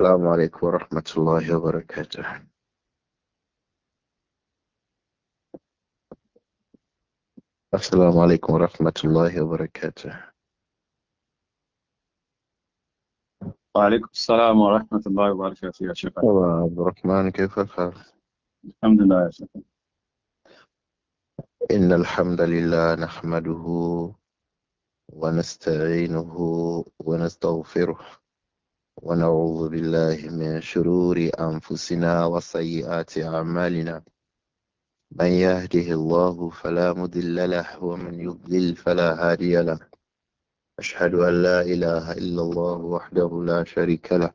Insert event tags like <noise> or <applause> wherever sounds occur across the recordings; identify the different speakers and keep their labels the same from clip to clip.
Speaker 1: السلام عليكم ورحمة الله وبركاته السلام عليكم ورحمة الله وبركاته وعليكم السلام ورحمة الله وبركاته يا شيخ عبد الرحمن كيف الحال؟ الحمد لله يا شيخ إن الحمد لله نحمده ونستعينه ونستغفره ونعوذ بالله من شرور أنفسنا وسيئات أعمالنا من يهده الله فلا مضل له ومن يضلل فلا هادي له أشهد أن لا إله إلا الله وحده لا شريك له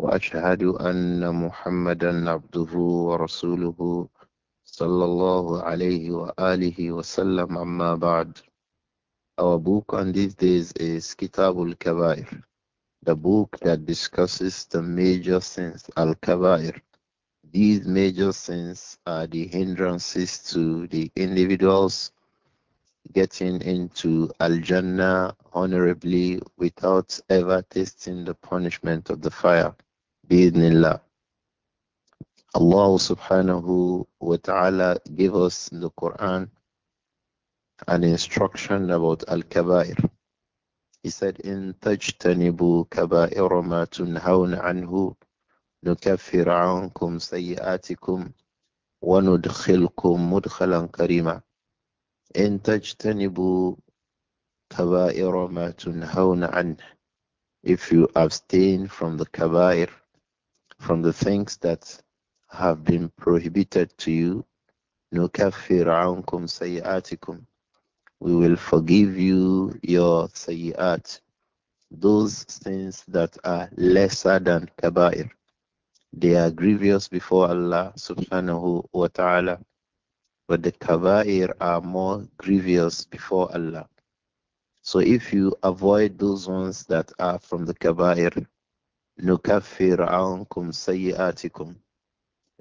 Speaker 1: وأشهد أن محمدا عبده ورسوله صلى الله عليه وآله وسلم أما بعد Our book on these days is Kitabul Kabair the book that discusses the major sins, Al Kabair. These major sins are the hindrances to the individuals getting into Al Jannah honorably without ever tasting the punishment of the fire. Bismillah. Allah subhanahu wa ta'ala gave us in the Quran an instruction about Al Kabair he said, In tajtanibu Kaba ma tunhawn anhu nukaffir ankum sayyi'atikum wa nudkhilkum mudkhalan karima. In tajtanibu Kaba ma tunhawn anhu. If you abstain from the kaba'ir, from the things that have been prohibited to you, nukaffir ankum sayyi'atikum we will forgive you your sayyat, those sins that are lesser than kaba'ir. They are grievous before Allah subhanahu wa ta'ala, but the kaba'ir are more grievous before Allah. So if you avoid those ones that are from the kaba'ir, nukaffir ankum sayyatikum,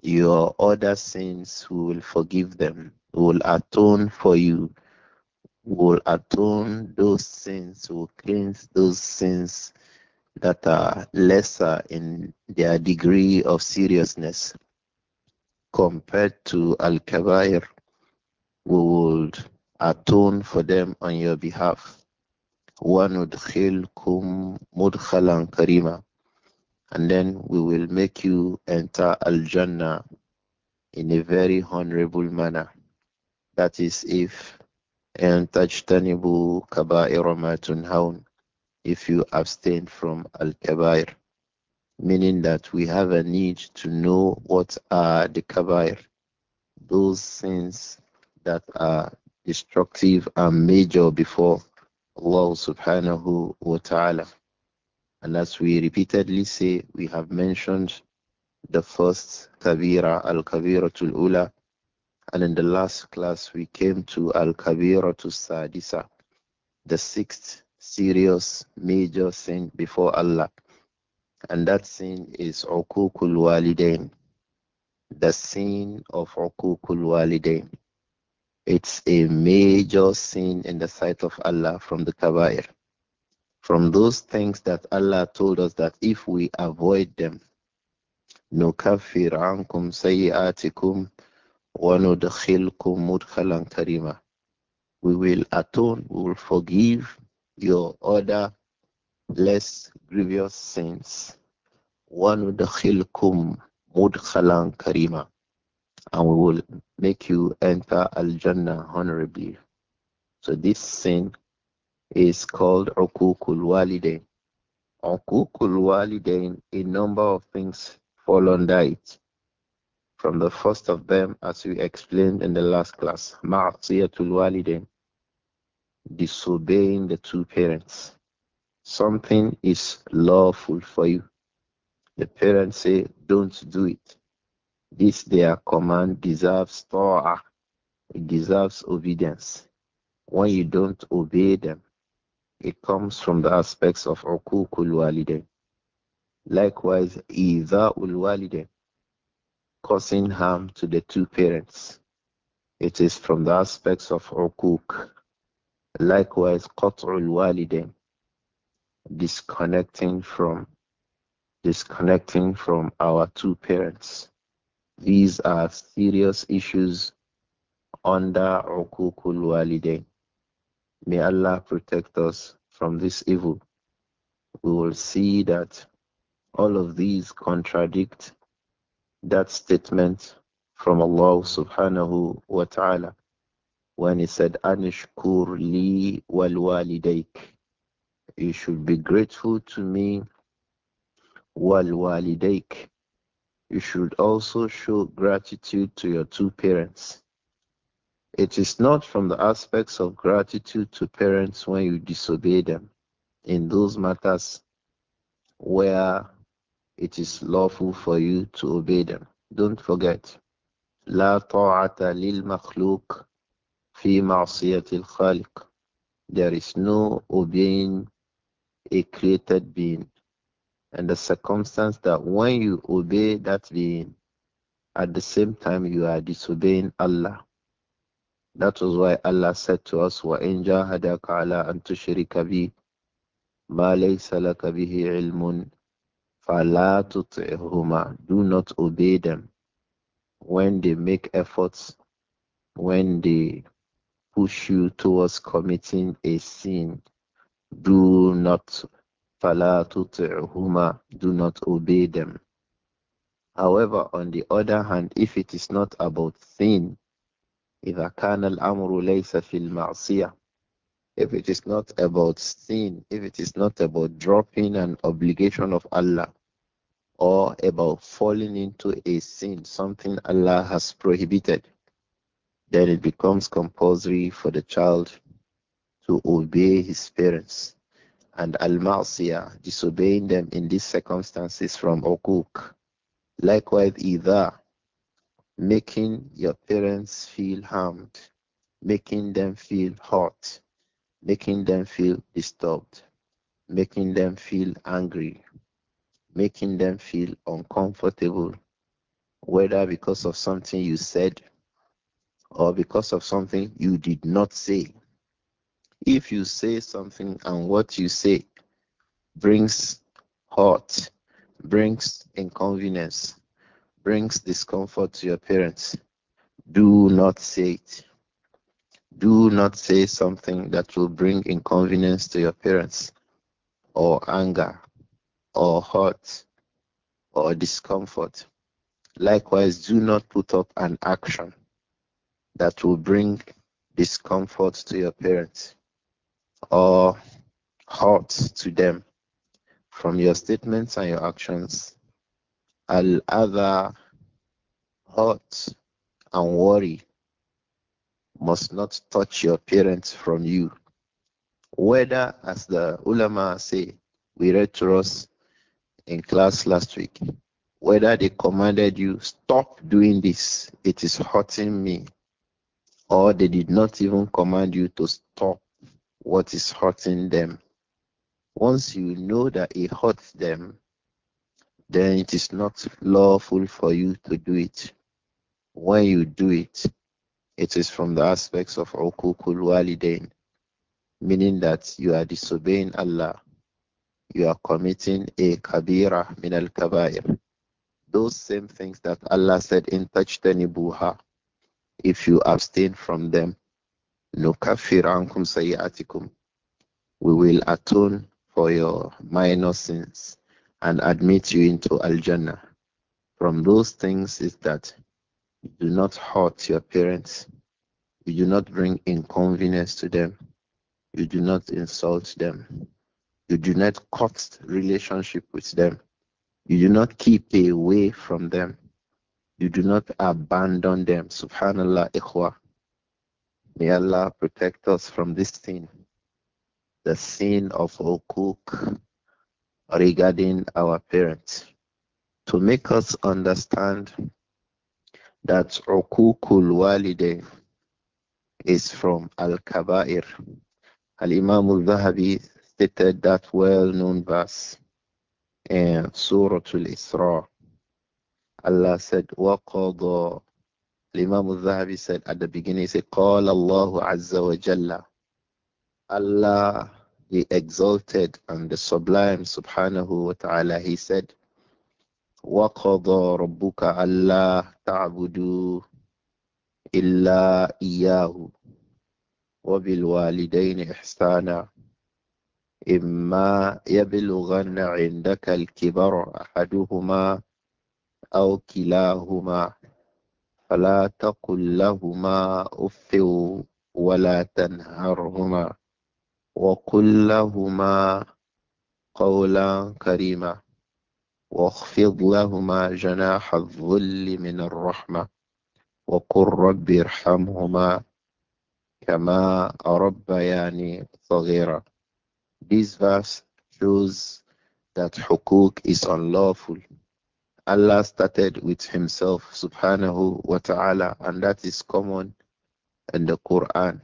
Speaker 1: your other sins we will forgive them, we will atone for you will atone those sins, will cleanse those sins that are lesser in their degree of seriousness compared to Al Kabair. We would atone for them on your behalf. وَنُدْخِلْكُمْ مُدْخَلًا karima, And then we will make you enter Al-Jannah in a very honorable manner. That is if and tajtanibu kaba'ira ma tunhaun if you abstain from al-kabair meaning that we have a need to know what are the kabair those sins that are destructive and major before Allah subhanahu wa ta'ala and as we repeatedly say we have mentioned the first kabira al-kabiratul ula and in the last class, we came to Al Kabira to Sadisa, the sixth serious major sin before Allah. And that sin is Ukukul Walidain, the sin of Ukukul Walidain. It's a major sin in the sight of Allah from the Kabair. From those things that Allah told us that if we avoid them, no kafir عنكم سيئاتكم وَنُدْخِلْكُمْ مُدْخَلًا كَرِيمًا We will atone, we will forgive your other less grievous sins. وَنُدْخِلْكُمْ مُدْخَلًا كَرِيمًا And we will make you enter Al-Jannah honorably. So this sin is called Ukukul Walidain. Ukukul Walidain, a number of things fall under it. From the first of them, as we explained in the last class, ma'asiyatul walidain, disobeying the two parents. Something is lawful for you. The parents say, don't do it. This their command deserves ta'ah. It deserves obedience. When you don't obey them, it comes from the aspects of ukukul walidin. Likewise, idha'ul walidin causing harm to the two parents. It is from the aspects of uquq. Likewise, qat'ul walidain, disconnecting from disconnecting from our two parents. These are serious issues under uququl walidain. May Allah protect us from this evil. We will see that all of these contradict that statement from Allah subhanahu wa ta'ala when he said, Anishkur li wal walidayk You should be grateful to me wal walidayk You should also show gratitude to your two parents. It is not from the aspects of gratitude to parents when you disobey them in those matters where it is lawful for you to obey them. Don't forget. لا طاعة للمخلوق في معصية الخالق. There is no obeying a created being. And the circumstance that when you obey that being, at the same time you are disobeying Allah. That was why Allah said to us, وَإِنْ جَاهَدَكَ عَلَىٰ أَنْ تُشْرِكَ بِي مَا لَيْسَ لَكَ بِهِ عِلْمٌ فَلَا تُطِعْهُمَا Do not obey them when they make efforts, when they push you towards committing a sin. Do not فَلَا تُطِعْهُمَا Do not obey them. However, on the other hand, if it is not about sin, if it is not about sin, if it is not about dropping an obligation of Allah, or about falling into a sin, something Allah has prohibited, then it becomes compulsory for the child to obey his parents. And al-ma'siyah, disobeying them in these circumstances from okuk. Likewise, either making your parents feel harmed, making them feel hurt, making them feel disturbed, making them feel angry, making them feel uncomfortable, whether because of something you said or because of something you did not say. If you say something and what you say brings hurt, brings inconvenience, brings discomfort to your parents, do not say it. Do not say something that will bring inconvenience to your parents or anger or hurt or discomfort. Likewise, do not put up an action that will bring discomfort to your parents or hurt to them from your statements and your actions. Al other hurt and worry must not touch your parents from you. Whether, as the ulama say, we read to us in class last week whether they commanded you, stop doing this, it is hurting me, or they did not even command you to stop what is hurting them. Once you know that it hurts them, then it is not lawful for you to do it. When you do it, it is from the aspects of ukukul walidain, meaning that you are disobeying Allah you are committing a kabira min al kabair. Those same things that Allah said in Tajtanibuha, if you abstain from them, nukafirankum sayyatikum, we will atone for your minor sins and admit you into Al Jannah. From those things is that you do not hurt your parents, you do not bring inconvenience to them, you do not insult them, you do not cut relationship with them. You do not keep away from them. You do not abandon them. Subhanallah, ikhwa. May Allah protect us from this sin, the sin of hukuk regarding our parents. To make us understand that hukukul walidain is from al-kabair. Al-Imam al-Zahabi stated that well known verse in Surah Al Isra. Allah said, وَقَضَى Imam al-Zahabi said at the beginning, he said, Qala Allahu Azza wa Jalla. Allah, the exalted and the sublime, subhanahu wa ta'ala, he said, وَقَضَى رَبُّكَ أَلَّا تَعْبُدُوا إِلَّا إِيَّاهُ وَبِالْوَالِدَيْنِ إِحْسَانًا إما يبلغن عندك الكبر أحدهما أو كلاهما فلا تقل لهما أف ولا تنهرهما وقل لهما قولا كريما واخفض لهما جناح الظل من الرحمة وقل رب ارحمهما كما ربياني صغيرا This verse shows that hukuk is unlawful. Allah started with Himself, subhanahu wa ta'ala, and that is common in the Quran.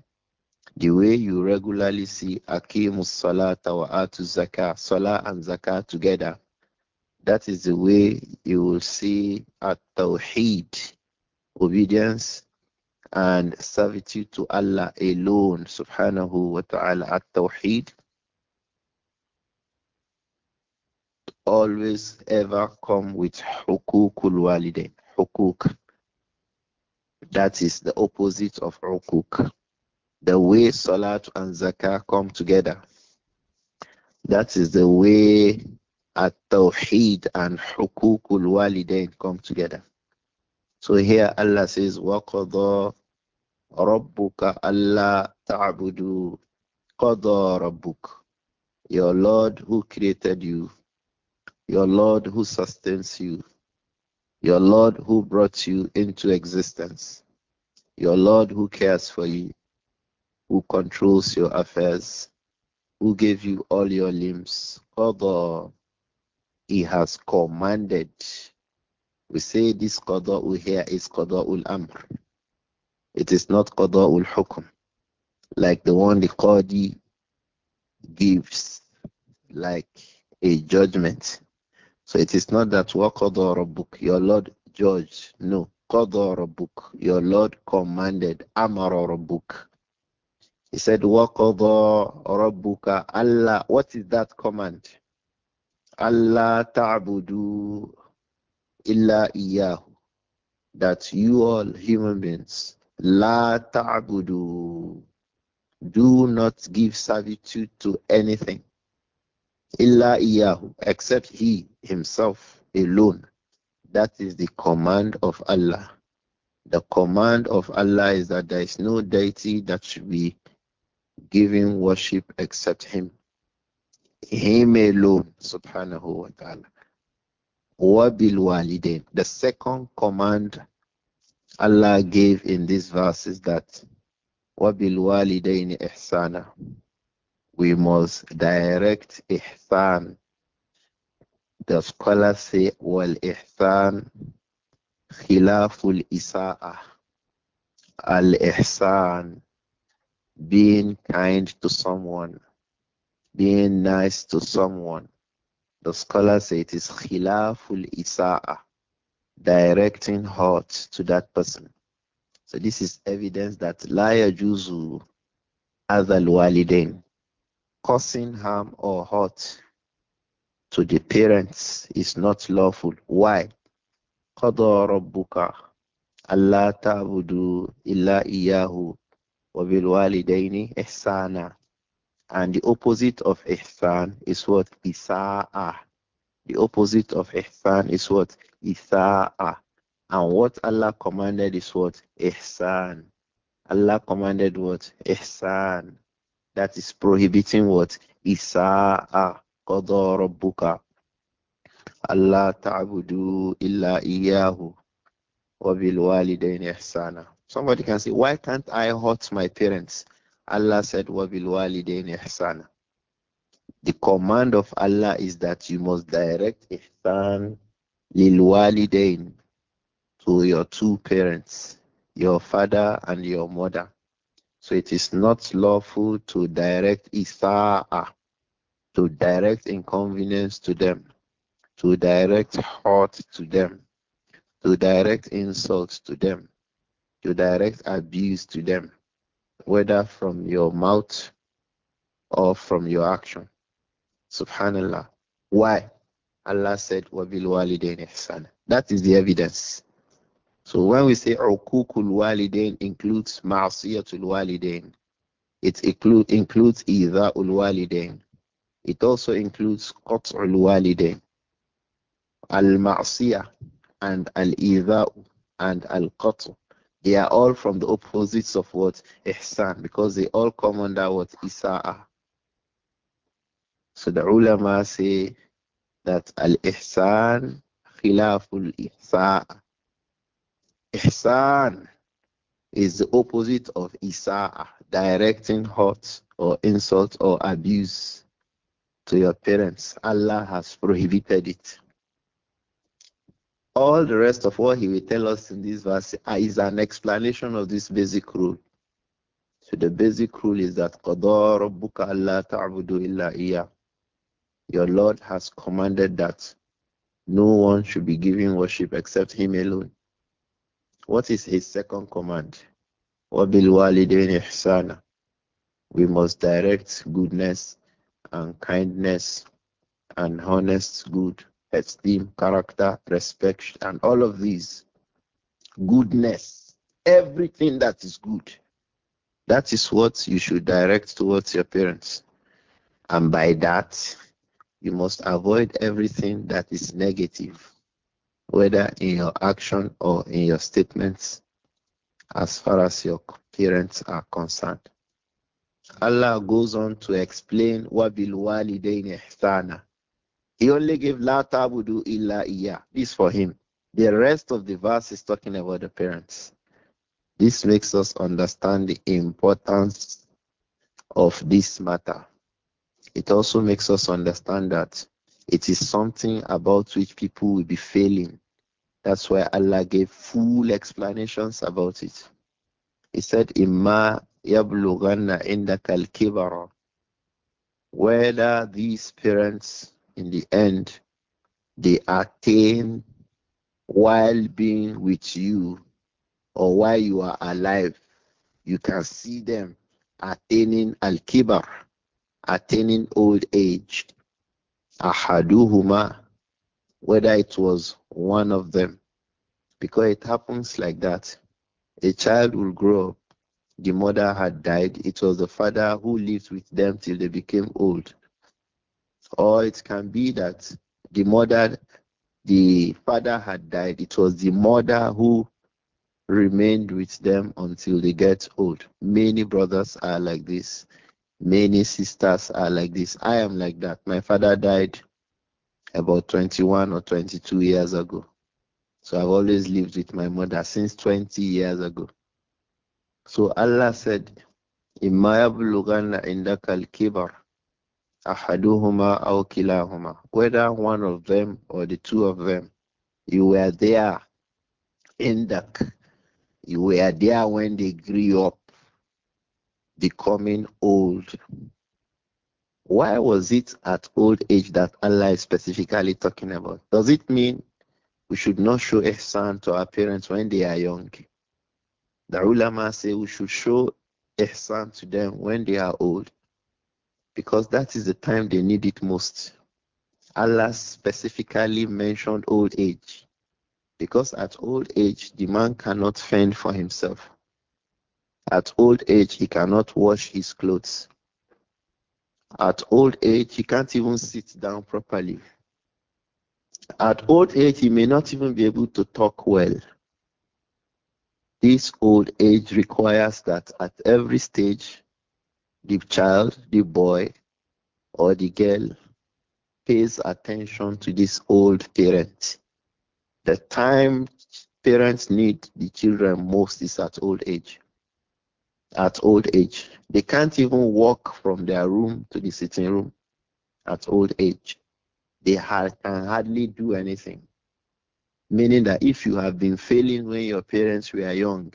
Speaker 1: The way you regularly see Akimus Salata wa Atu Zakah, Salah and Zakah together, that is the way you will see at Tawheed, obedience and servitude to Allah alone, subhanahu wa ta'ala. At Tawheed always ever come with hukukul walidain. Hukuk. That is the opposite of hukuk. The way salat and zakah come together. That is the way at tawheed and hukukul walidain come together. So here Allah says, وَقَضَى رَبُّكَ أَلَّا تَعْبُدُوا قَضَى رَبُّكَ Your Lord who created you your Lord who sustains you. Your Lord who brought you into existence. Your Lord who cares for you, who controls your affairs, who gave you all your limbs. although He has commanded. We say this Qadha'u here is Qadha'ul Amr. It is not Qadha'ul Hukum, like the one the Qadi gives, like a judgment. So it is not that waqada rabbuk, your Lord judge. No. Qada book. your Lord commanded. Amara book. He said, waqada rabbuka Allah. What is that command? Allah ta'budu illa iyahu. That you all human beings, la ta'budu, do not give servitude to anything Illa iyahu, except he himself alone. That is the command of Allah. The command of Allah is that there is no deity that should be given worship except him. Him alone, subhanahu wa ta'ala. Wabil walidain. The second command Allah gave in this verse is that Wabil walidain ihsana we must direct ihsan. The scholars say, well, ihsan khilaful isa'ah. Al ihsan, being kind to someone, being nice to someone. The scholars say it is khilaful isa'ah, directing hurt to that person. So this is evidence that la yajuzu adha walidain causing harm or hurt to the parents is not lawful. Why? Allah ربك illa تعبدوا إلا إياه وبالوالدين إحسانا and the opposite of ihsan is what isa'a the opposite of ihsan is what isa'a and what Allah commanded is what ihsan Allah commanded what ihsan that is prohibiting what? Isa'a ah, qadha Allah ta'budu illa iyyahu wa bil walidayni ihsana. Somebody can say, why can't I hurt my parents? Allah said, wa bil walidayni ihsana. The command of Allah is that you must direct ihsan lil walidayn to your two parents, your father and your mother. So it is not lawful to direct isa'a, ah, to direct inconvenience to them, to direct hurt to them, to direct insults to them, to direct abuse to them, whether from your mouth or from your action. Subhanallah. Why? Allah said, Wabil That is the evidence. So when we say uqukul walidain includes ma'asiyatul walidain. It include, includes idha'ul walidain. It also includes qat'ul walidain. Al-ma'siyah and al-idha'u and al-qat'u. They are all from the opposites of what? Ihsan, because they all come under what? Isa'ah. So the ulama say that al-ihsan khilaful isa'ah Ihsan is the opposite of Isa'ah, directing hurt or insult or abuse to your parents. Allah has prohibited it. All the rest of what he will tell us in this verse is an explanation of this basic rule. So the basic rule is that Qadar Allah ta'budu illa iya. Your Lord has commanded that no one should be giving worship except him alone. What is his second command? We must direct goodness and kindness and honest good, esteem, character, respect, and all of these. Goodness, everything that is good. That is what you should direct towards your parents. And by that, you must avoid everything that is negative whether in your action or in your statements, as far as your parents are concerned. Allah goes on to explain wabil walidain ihsana. He only gave la tabudu illa iya. This for him. The rest of the verse is talking about the parents. This makes us understand the importance of this matter. It also makes us understand that it is something about which people will be failing. That's why Allah gave full explanations about it. He said, Imma yablughanna indaka al Whether these parents, in the end, they attain while being with you or while you are alive, you can see them attaining al-kibar, attaining old age. Ahaduhuma whether it was one of them. Because it happens like that. A child will grow up. The mother had died. It was the father who lived with them till they became old. Or it can be that the mother, the father had died. It was the mother who remained with them until they get old. Many brothers are like this. Many sisters are like this. I am like that. My father died about 21 or 22 years ago. So I've always lived with my mother since 20 years ago. So Allah said, إما يبلغن عندك الكبر أحدهما أو كلاهما whether one of them or the two of them you were there in the you were there when they grew up becoming old why was it at old age that Allah is specifically talking about? Does it mean we should not show ihsan to our parents when they are young? The ulama say we should show ihsan to them when they are old because that is the time they need it most. Allah specifically mentioned old age because at old age the man cannot fend for himself. At old age he cannot wash his clothes. At old age, he can't even sit down properly. At old age, he may not even be able to talk well. This old age requires that at every stage, the child, the boy, or the girl pays attention to this old parent. The time parents need the children most is at old age at old age. They can't even walk from their room to the sitting room at old age. They can hardly do anything. Meaning that if you have been failing when your parents were young,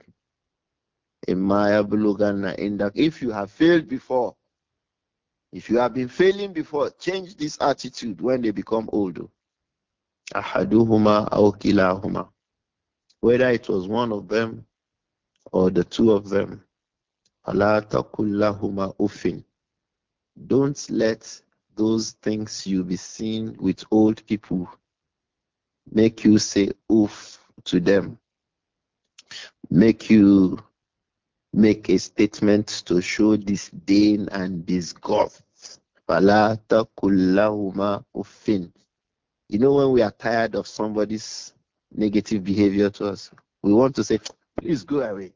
Speaker 1: if you have failed before, if you have been failing before, change this attitude when they become older. Whether it was one of them or the two of them. Allah huma ufin. Don't let those things you be seen with old people make you say oof to them. Make you make a statement to show disdain and disgust. Fala huma ufin. You know when we are tired of somebody's negative behavior to us, we want to say, please go away.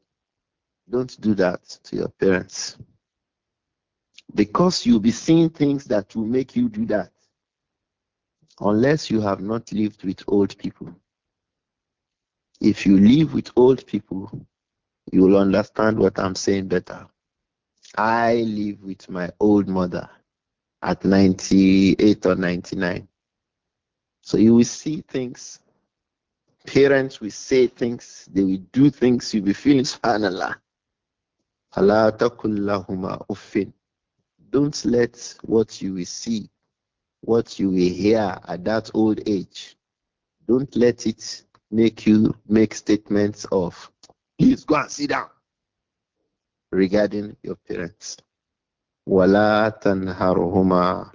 Speaker 1: Don't do that to your parents. Because you'll be seeing things that will make you do that. Unless you have not lived with old people. If you live with old people, you will understand what I'm saying better. I live with my old mother at 98 or 99. So you will see things. Parents will say things, they will do things, you'll be feeling subhanAllah. Allah تقل huma لَهُمَا أُفٍّ Don't let what you will see, what you will hear at that old age, don't let it make you make statements of, please go and sit down regarding your parents. وَلَا تَنْهَرْهُمَا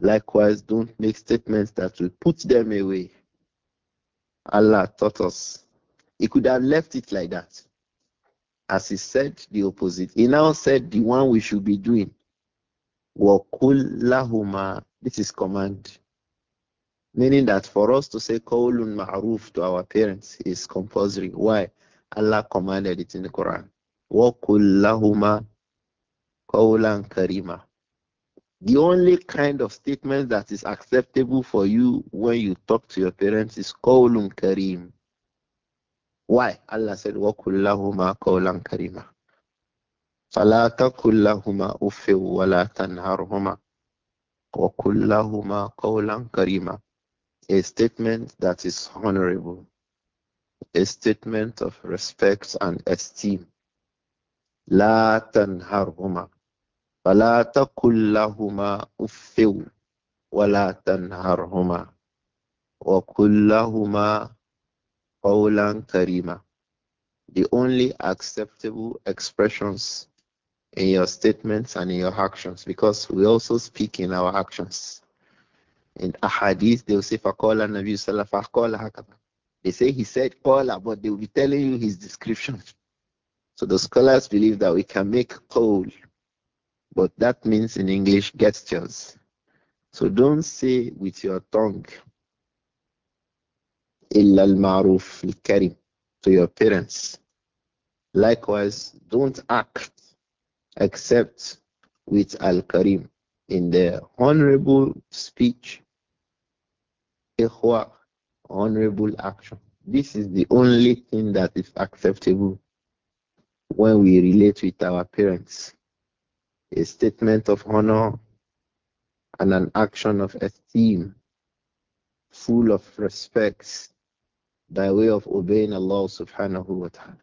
Speaker 1: Likewise, don't make statements that will put them away. Allah taught us. He could have left it like that as he said the opposite. He now said the one we should be doing. Wakullahuma. This is command. Meaning that for us to say Qawlun Ma'ruf to our parents is compulsory. Why? Allah commanded it in the Quran. Wakullahuma Qawlan Karima. The only kind of statement that is acceptable for you when you talk to your parents is Qawlun Karim. Why? Allah said, وَكُلَّهُمَا قَوْلًا كَرِيمًا فَلَا تَقُلْ لَهُمَا أُفٍّ وَلَا تَنْهَرْهُمَا وَكُلَّهُمَا قَوْلًا كَرِيمًا A statement that is honorable, a statement of respect and esteem. لا تنهرهما فلا تقل لهما أف ولا تنهرهما وقل لهما Qawlan Karima. The only acceptable expressions in your statements and in your actions, because we also speak in our actions. In ahadith, they will say, Faqala Nabi They say he said Qala, but they will be telling you his description. So the scholars believe that we can make call, but that means in English gestures. So don't say with your tongue to your parents. Likewise, don't act except with Al-Karim in the honorable speech, ikhwa, honorable action. This is the only thing that is acceptable when we relate with our parents. A statement of honor and an action of esteem, full of respect, by way of obeying Allah subhanahu wa ta'ala.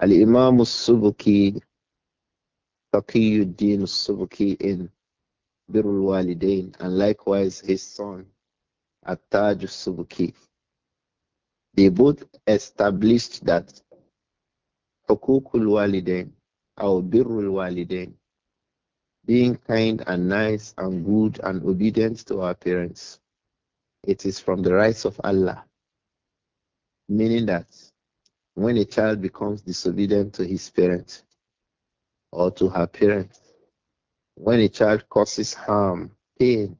Speaker 1: Al Imam al-Subuki, Taqiyuddin al-Subuki in Birul Walidain, and likewise his son, Attaj al-Subuki. They both established that Hukukul Walidain, or Birul Walidain, being kind and nice and good and obedient to our parents. It is from the rights of Allah Meaning that when a child becomes disobedient to his parent or to her parent, when a child causes harm, pain,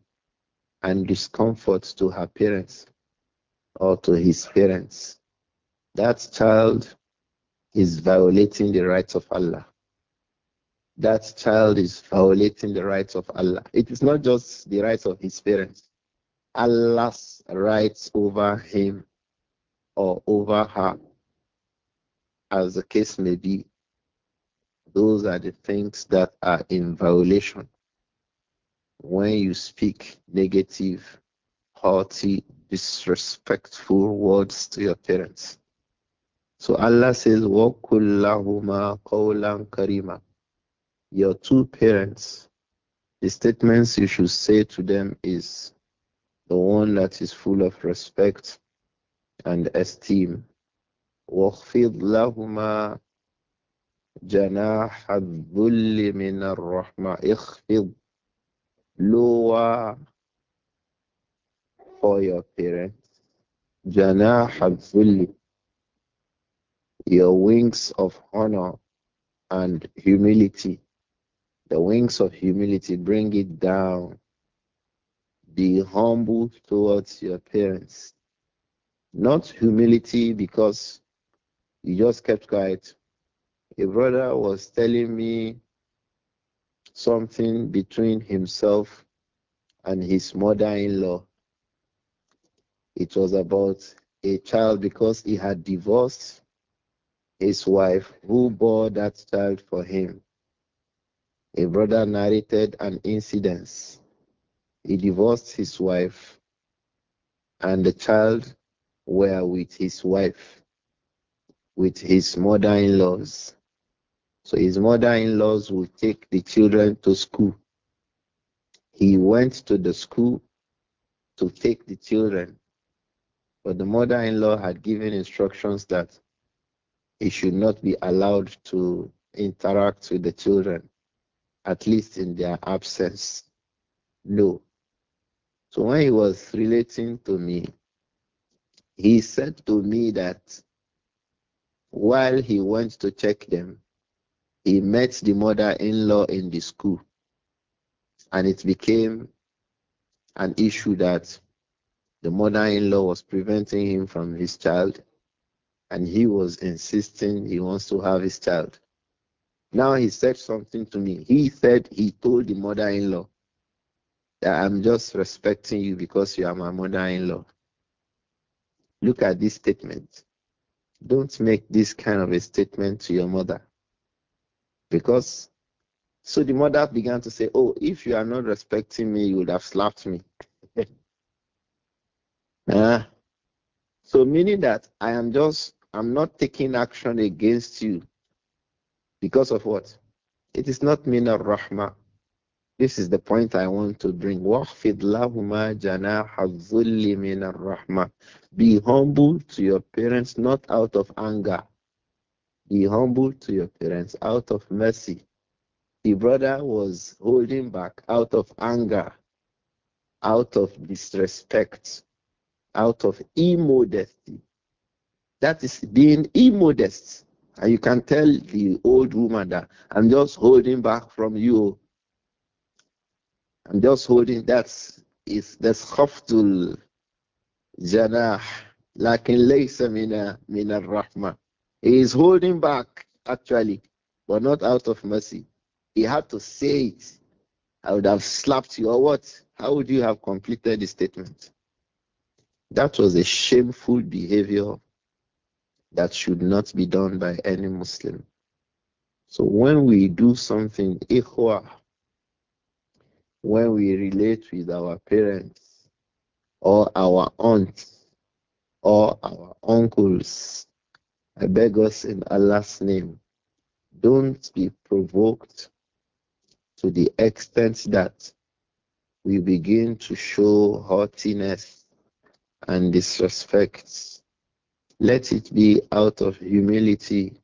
Speaker 1: and discomfort to her parents or to his parents, that child is violating the rights of Allah. That child is violating the rights of Allah. It is not just the rights of his parents, Allah's rights over him or over her, as the case may be. Those are the things that are in violation. When you speak negative, haughty, disrespectful words to your parents. So Allah says, وَكُلَّهُمَا قَوْلًا karima." Your two parents, the statements you should say to them is the one that is full of respect and esteem. واخفض لهما جناح الذل من الرحمة اخفض lower for your parents جناح الذل your wings of honor and humility the wings of humility bring it down be humble towards your parents not humility because he just kept quiet. A brother was telling me something between himself and his mother in law. It was about a child because he had divorced his wife who bore that child for him. A brother narrated an incident. He divorced his wife, and the child were with his wife, with his mother in laws. So his mother in laws would take the children to school. He went to the school to take the children, but the mother in law had given instructions that he should not be allowed to interact with the children, at least in their absence. No. So when he was relating to me, he said to me that while he went to check them, he met the mother in law in the school. And it became an issue that the mother in law was preventing him from his child, and he was insisting he wants to have his child. Now he said something to me. He said he told the mother in law that I'm just respecting you because you are my mother in law. Look at this statement. Don't make this kind of a statement to your mother. Because so the mother began to say, Oh, if you are not respecting me, you would have slapped me. uh, <laughs> so meaning that I am just I'm not taking action against you because of what? It is not mean al rahma this is the point I want to bring. Be humble to your parents, not out of anger. Be humble to your parents, out of mercy. The brother was holding back out of anger, out of disrespect, out of immodesty. That is being immodest. And you can tell the old woman that I'm just holding back from you I'm just holding that's the that's khaftul janah lakin laysa mina mina rahma He is holding back actually, but not out of mercy. He had to say it. I would have slapped you or what? How would you have completed the statement? That was a shameful behavior that should not be done by any Muslim. So when we do something, ikhwah, when we relate with our parents or our aunts or our uncles. I beg us in Allah's name, don't be provoked to the extent that we begin to show haughtiness and disrespect. Let it be out of humility,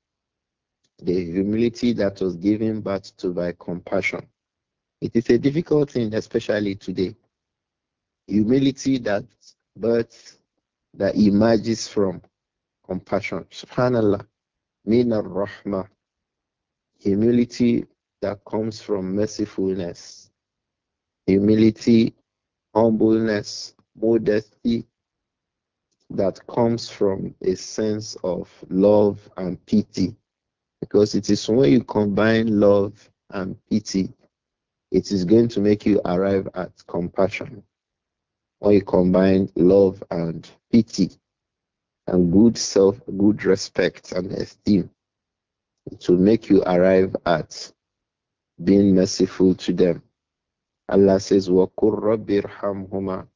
Speaker 1: the humility that was given birth to by compassion. It is a difficult thing, especially today. Humility that births, that emerges from compassion. Subhanallah. Min rahma. Humility that comes from mercifulness. Humility, humbleness, modesty that comes from a sense of love and pity. Because it is when you combine love and pity it is going to make you arrive at compassion. When you combine love and pity and good self, good respect and esteem, it will make you arrive at being merciful to them. Allah says, huma.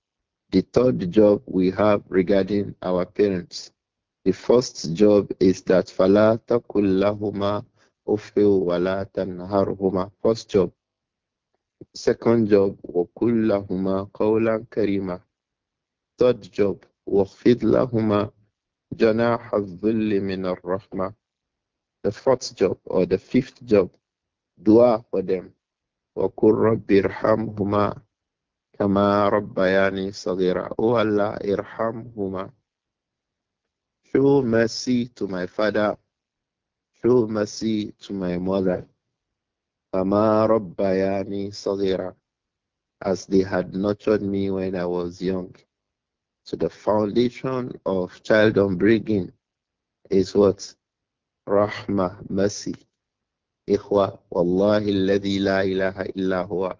Speaker 1: The third job we have regarding our parents. The first job is that فَلَا تَقُلْ لَهُمَا أُفِّوْ وَلَا First job, Second job, وَقُلْ لَهُمَا قَوْلًا Third job, وَخْفِضْ لَهُمَا جَنَاحَ الظِّلِّ مِنَ The fourth job or the fifth job, dua for them. وَقُلْ رَبِّ ارْحَمْهُمَا كَمَا رَبَّيَانِي sagira. O Allah, irhamhuma. Show mercy to my father. Show mercy to my mother Kama Rabbayani as they had nurtured me when I was young. So the foundation of child upbringing is what? Rahma, mercy. Ikhwa, wallahi alladhi la ilaha illa huwa.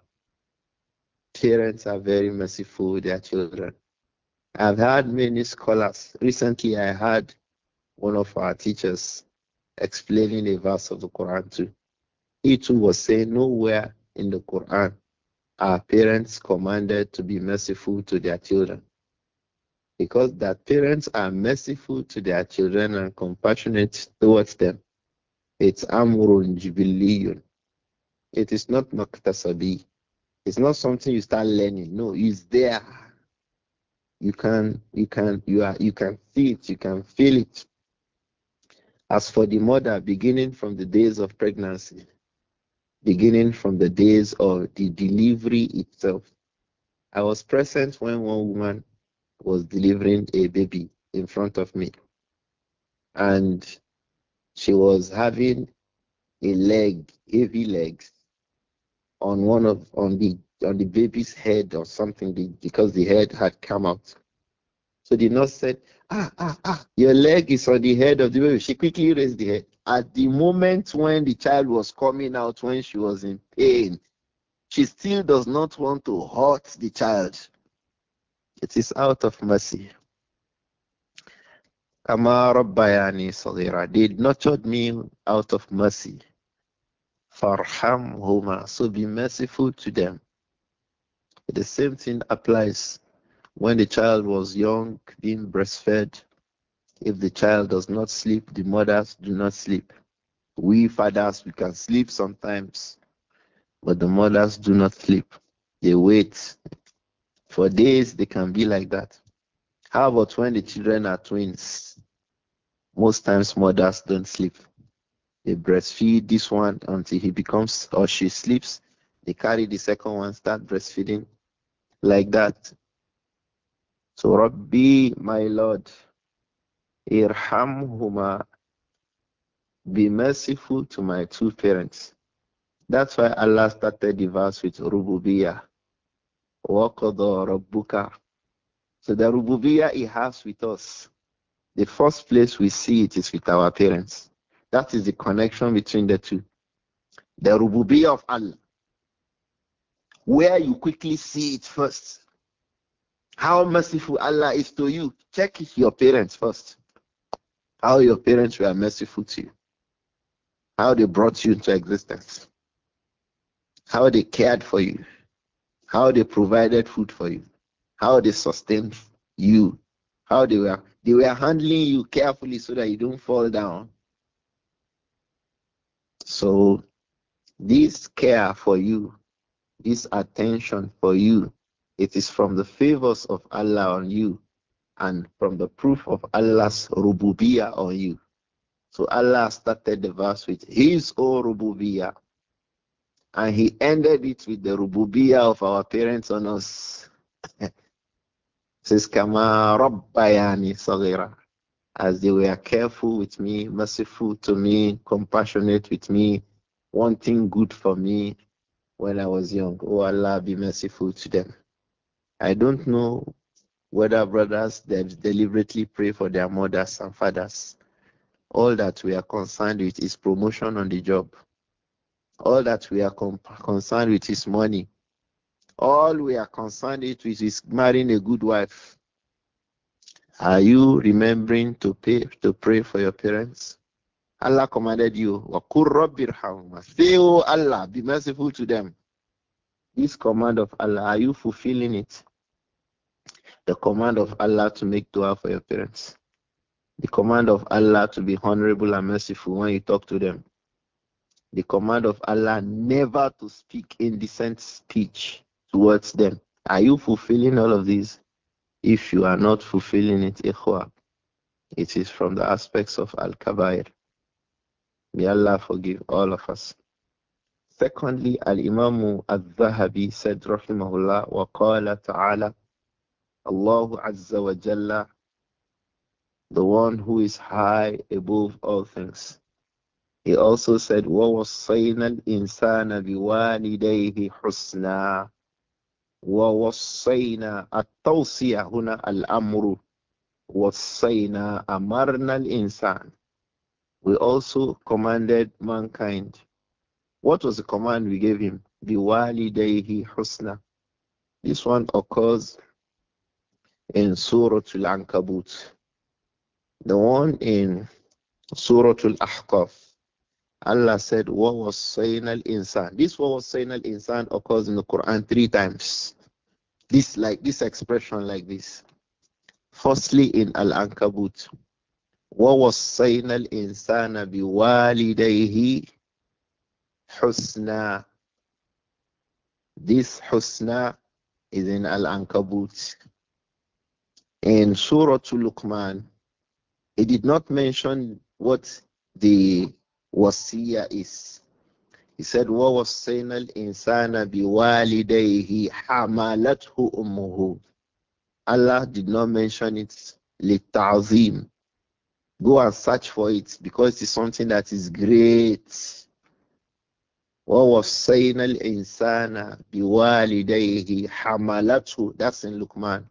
Speaker 1: Parents are very merciful with their children. I've had many scholars. Recently, I had one of our teachers explaining a verse of the Quran too. He too was saying, Nowhere in the Quran are parents commanded to be merciful to their children. Because that parents are merciful to their children and compassionate towards them, it's amurun jibiliyun. It is not maktasabi. It's not something you start learning. No, it's there. You can, you can, you are, you can see it. You can feel it. As for the mother, beginning from the days of pregnancy, beginning from the days of the delivery itself. I was present when one woman was delivering a baby in front of me, and she was having a leg, heavy legs, on one of on the on the baby's head or something because the head had come out. So the nurse said, Ah, ah, ah, your leg is on the head of the baby. She quickly raised the head. At the moment when the child was coming out, when she was in pain, she still does not want to hurt the child. It is out of mercy. Kama Bayani Sagira, they nurtured me out of mercy. Farham Homa, so be merciful to them. The same thing applies when the child was young, being breastfed, if the child does not sleep, the mothers do not sleep. We fathers, we can sleep sometimes, but the mothers do not sleep. They wait. For days, they can be like that. How about when the children are twins? Most times, mothers don't sleep. They breastfeed this one until he becomes or she sleeps. They carry the second one, start breastfeeding like that. So Rabbi, my Lord, irhamhuma, be merciful to my two parents. That's why Allah started the verse with Rububiyah. Rabbuka. So the Rububiyah He has with us. The first place we see it is with our parents. That is the connection between the two. The Rububiyah of Allah. Where you quickly see it first how merciful Allah is to you. Check your parents first. How your parents were merciful to you. How they brought you into existence. How they cared for you. How they provided food for you. How they sustained you. How they were they were handling you carefully so that you don't fall down. So this care for you, this attention for you, it is from the favors of Allah on you and from the proof of Allah's rububiyah on you. So Allah started the verse with His own rububiyah and He ended it with the rububiyah of our parents on us. <laughs> says Kama Rabbayani Sagira. As they were careful with me, merciful to me, compassionate with me, wanting good for me when I was young. Oh Allah, be merciful to them. I don't know whether brothers deliberately pray for their mothers and fathers. All that we are concerned with is promotion on the job. All that we are concerned with is money. All we are concerned with is marrying a good wife. Are you remembering to pay to pray for your parents? Allah commanded you, Say, O oh Allah, be merciful to them. This command of Allah, are you fulfilling it? the command of Allah to make dua for your parents, the command of Allah to be honorable and merciful when you talk to them, the command of Allah never to speak indecent speech towards them. Are you fulfilling all of these? If you are not fulfilling it, ikhwa, it is from the aspects of Al Kabair. May Allah forgive all of us. Secondly, Al Imam Al Zahabi said, Rahimahullah, wa qala ta'ala. Allah Azza wa Jalla, the one who is high above all things. He also said, وَوَصَّيْنَا الْإِنسَانَ بِوَالِدَيْهِ حُسْنًا وَوَصَّيْنَا التَّوْصِيَ هُنَا الْأَمْرُ وَصَّيْنَا أَمَرْنَا الْإِنسَانَ We also commanded mankind. What was the command we gave him? بِوَالِدَيْهِ حُسْنًا This one occurs in Surah Al Ankabut, the one in Surah Al Ahqaf. Allah said, What was saying al insan? This what was saying al insan occurs in the Quran three times. This like this expression like this. Firstly in Al Ankabut. What was saying al insana biwalidayhi husna. This husna is in Al Ankabut in Surah to Luqman, it did not mention what the wasiya is. He said, al-insana biwalidayhi حَمَلَتْهُ ummuhu." Allah did not mention it Let's Go and search for it because it is something that is great. al-insana biwalidayhi حَمَلَتْهُ That's in Luqman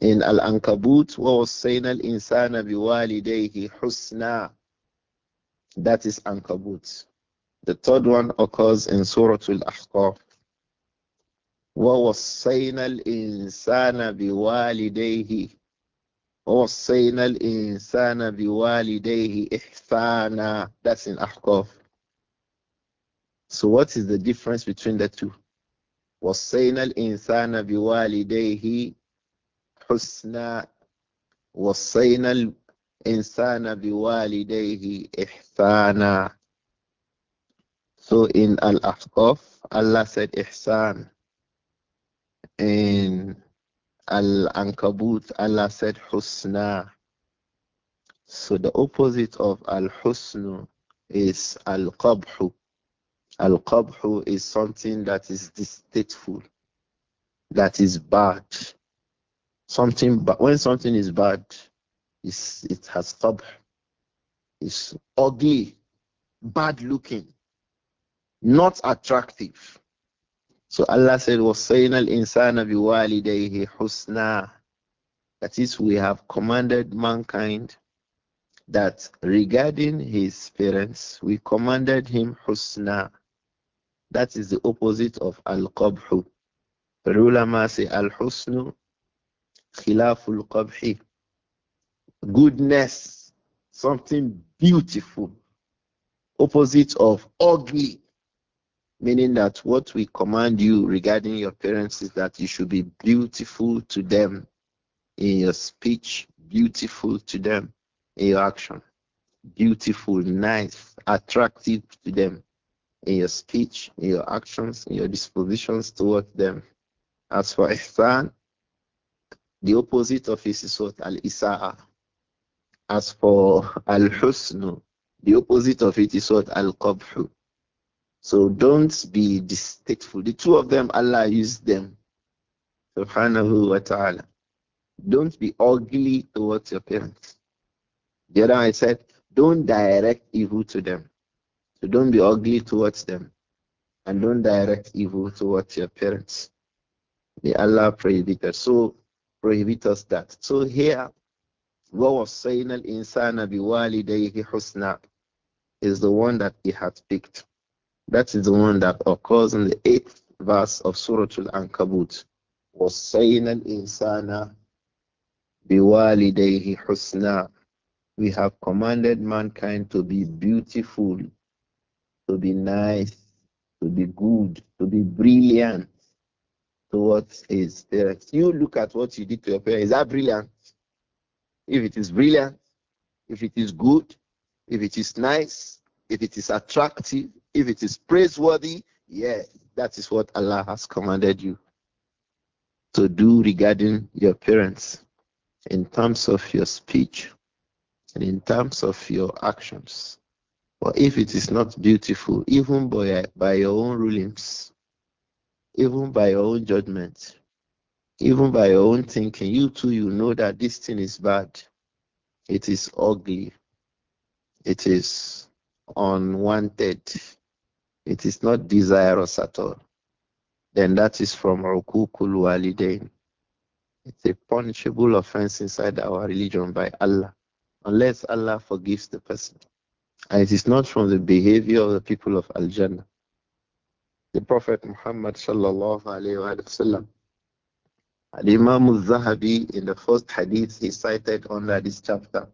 Speaker 1: in Al Ankabut, وَوَصَّيْنَا الْإِنسَانَ بِوَالِدَيْهِ حُسْنًا That is Ankabut. The third one occurs in Surah Al Ahqaf. ووصينا الإنسان بوالديه ووصينا الإنسان بوالديه إحسانا that's in Ahqaf so what is the difference between the two وصينا الإنسان بوالديه وصينا الإنسان بوالديه إحسانا So in Al-Ahqaf, Allah said Ihsan. In Al-Ankabut, Allah said Husna. So the opposite of Al-Husnu is Al-Qabhu. Al-Qabhu is something that is distasteful, that is bad, Something, but when something is bad, it's, it has stub. It's ugly, bad looking, not attractive. So Allah said, was الْإِنسَانَ بِوَالِدَيْهِ husna." That is, we have commanded mankind that regarding his parents, we commanded him husna. That is the opposite of al-qabhu. Ulama say al-husnu khilaful qabhi. Goodness, something beautiful, opposite of ugly, meaning that what we command you regarding your parents is that you should be beautiful to them in your speech, beautiful to them in your action, beautiful, nice, attractive to them in your speech, in your actions, in your dispositions towards them. As for son. The opposite of it is what? Al Isa'a. As for Al Husnu, the opposite of it is what? Al Qabhu. So don't be distasteful. The two of them, Allah used them. Subhanahu wa ta'ala. Don't be ugly towards your parents. The other I said, don't direct evil to them. So don't be ugly towards them. And don't direct evil towards your parents. May Allah prohibit that. So Prohibits that. So here, what was saying وَوَصَّيْنَا biwali بِوَالِدَيْهِ حُسْنًا is the one that he had picked. That is the one that occurs in the eighth verse of Surah Al-Ankabut. وَصَّيْنَا biwali بِوَالِدَيْهِ حُسْنًا We have commanded mankind to be beautiful, to be nice, to be good, to be brilliant, to what is there? Uh, you look at what you did to your parents. Is that brilliant? If it is brilliant, if it is good, if it is nice, if it is attractive, if it is praiseworthy, yeah, that is what Allah has commanded you to do regarding your parents in terms of your speech and in terms of your actions. But if it is not beautiful, even by, by your own rulings, even by your own judgment, even by your own thinking, you too, you know that this thing is bad. It is ugly. It is unwanted. It is not desirous at all. Then that is from Rukukul Walidain. It's a punishable offense inside our religion by Allah, unless Allah forgives the person. And it is not from the behavior of the people of Al Jannah the Prophet Muhammad sallallahu alayhi wa sallam. Al-Imam al-Zahabi in the first hadith he cited under this chapter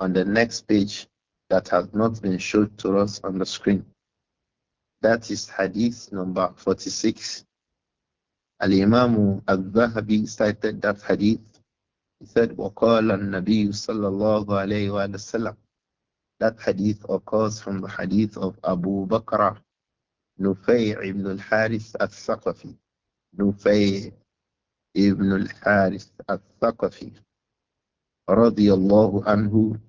Speaker 1: on the next page that has not been shown to us on the screen. That is hadith number 46. Al-Imam al-Zahabi cited that hadith. He said, وَقَالَ النَّبِيُّ صَلَّى اللَّهُ عَلَيْهِ وَسَلَّمَ That hadith occurs from the hadith of Abu Bakr Nufay ibn al-Harith al-Thaqafi. Nufay ibn al-Harith al-Thaqafi. Radiallahu anhu.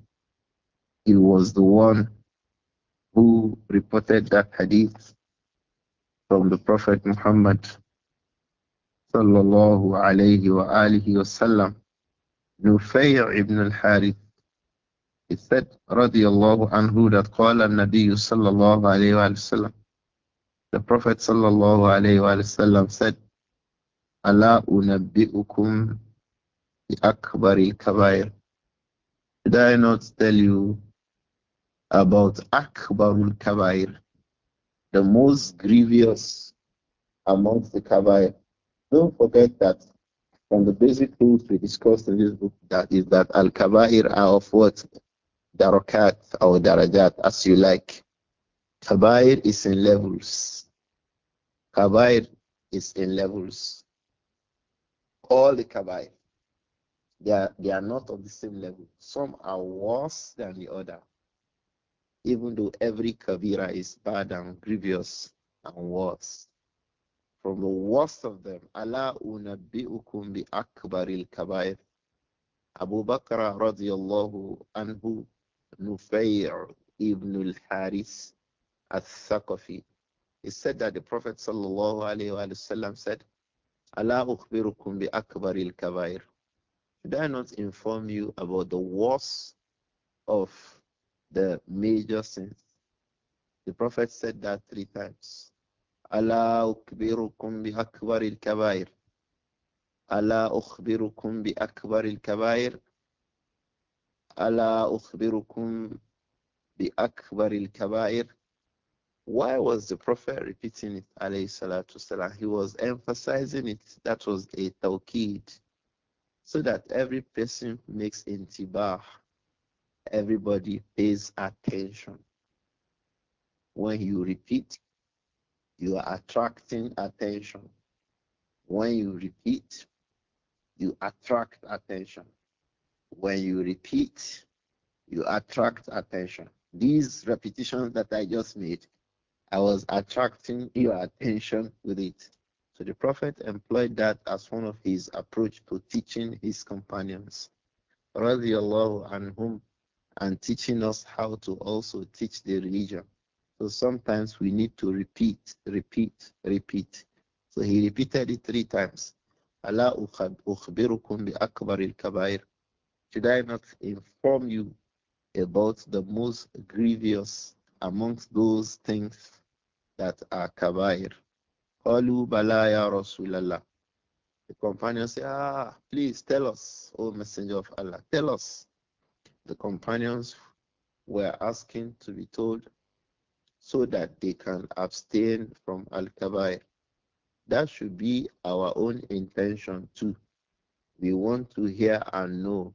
Speaker 1: He was the one who reported that hadith from the Prophet Muhammad sallallahu alayhi wa alihi wasallam. Nufay ibn al-Harith he said رضي الله عنه that قال النبي صلى الله عليه وسلم the Prophet وسلم, said, Allah unabbi'ukum bi akbari kabair. Did I not tell you about akbarul kabair, the most grievous amongst the kabair? Don't forget that from the basic rules we discussed in this book that is that al kabair are of what darakat or darajat as you like. Kabair is in levels Kabair is in levels. All the Kabair, they are, they are not of the same level. Some are worse than the other. Even though every Kabira is bad and grievous and worse. From the worst of them, Allah unabbi'ukum bi akbaril kabair. Abu Bakr radiallahu anhu, Nufayr ibn al-Haris al-Thaqafi, it said that the Prophet وسلم, said, Allah ukhbirukum bi akbaril kabair. Should I not inform you about the worst of the major sins? The Prophet said that three times. Allah ukhbirukum bi akbaril kabair. Allah ukhbirukum bi akbaril kabair. ألا bi akbaril kabāir." Why was the Prophet repeating it, alayhi salatu salam? He was emphasizing it. That was a tawqid. So that every person makes intibah. Everybody pays attention. When you repeat, you are attracting attention. When you repeat, you attract attention. When you repeat, you attract attention. These repetitions that I just made, I was attracting your attention with it. So the Prophet employed that as one of his approach to teaching his companions, radiallahu anhum, and teaching us how to also teach the religion. So sometimes we need to repeat, repeat, repeat. So he repeated it three times. Allah bi akbar al Should I not inform you about the most grievous amongst those things that are kabair. Qalu bala ya Rasulallah. The companions say, ah, please tell us, O Messenger of Allah, tell us. The companions were asking to be told so that they can abstain from al-kabair. That should be our own intention too. We want to hear and know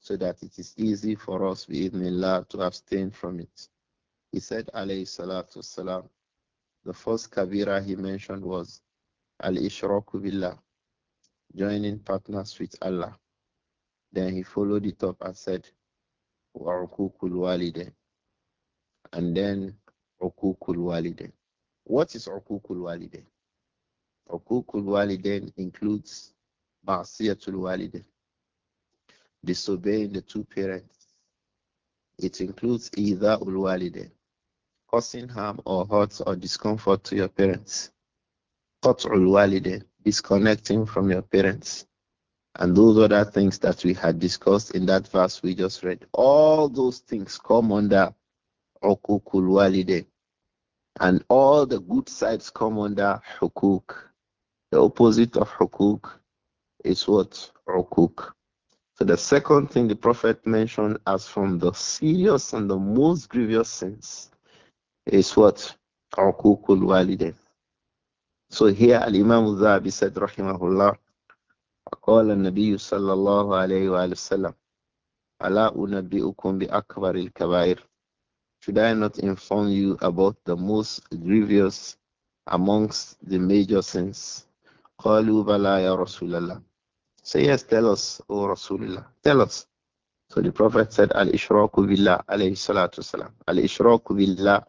Speaker 1: so that it is easy for us, Allah, to abstain from it. He said, alayhi salatu salam, the first kabira he mentioned was al-ishraku billah, joining partners with Allah. Then he followed it up and said, wa'ukukul walidain. And then ukukul walidain. What is ukukul walidain? Ukukul walidain includes ma'siyatul walidain, disobeying the two parents. It includes either ul walidain causing harm or hurt or discomfort to your parents. Disconnecting from your parents. And those other things that we had discussed in that verse we just read, all those things come under Okukul And all the good sides come under Hukuk. The opposite of Hukuk is what? Hukuk. So the second thing the Prophet mentioned as from the serious and the most grievous sins is what? Uqukul walidain. So here Al-Imam al said, Rahimahullah, قال النبي صلى الله عليه وآله وسلم ألا أنبئكم بأكبر الكبائر Should I not inform you about the most grievous amongst the major sins? قالوا بلى يا رسول الله Say yes, tell us, O Rasulallah. tell us. So the Prophet said, Al-Ishraku billah, alayhi salatu salam. Al-Ishraku billah